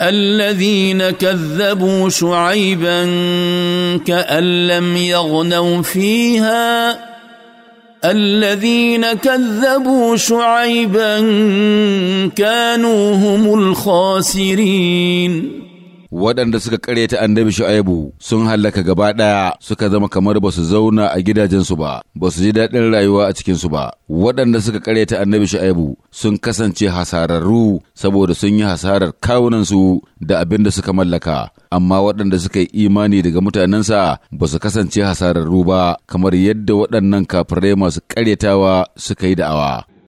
الذين كذبوا شعيبا كأن لم يغنوا فيها الذين كذبوا شعيبا كانوا هم الخاسرين waɗanda suka karyata annabi shu'aibu sun hallaka gaba ɗaya suka zama kamar ba su zauna a gidajensu ba ba su ji daɗin rayuwa a cikinsu ba waɗanda suka karyata annabi shu'aibu sun kasance hasararru saboda sun yi hasarar kawunansu da abin da suka mallaka amma waɗanda suka yi imani daga mutanensa ba su kasance hasararru ba kamar yadda waɗannan kafirai masu karyatawa suka yi da'awa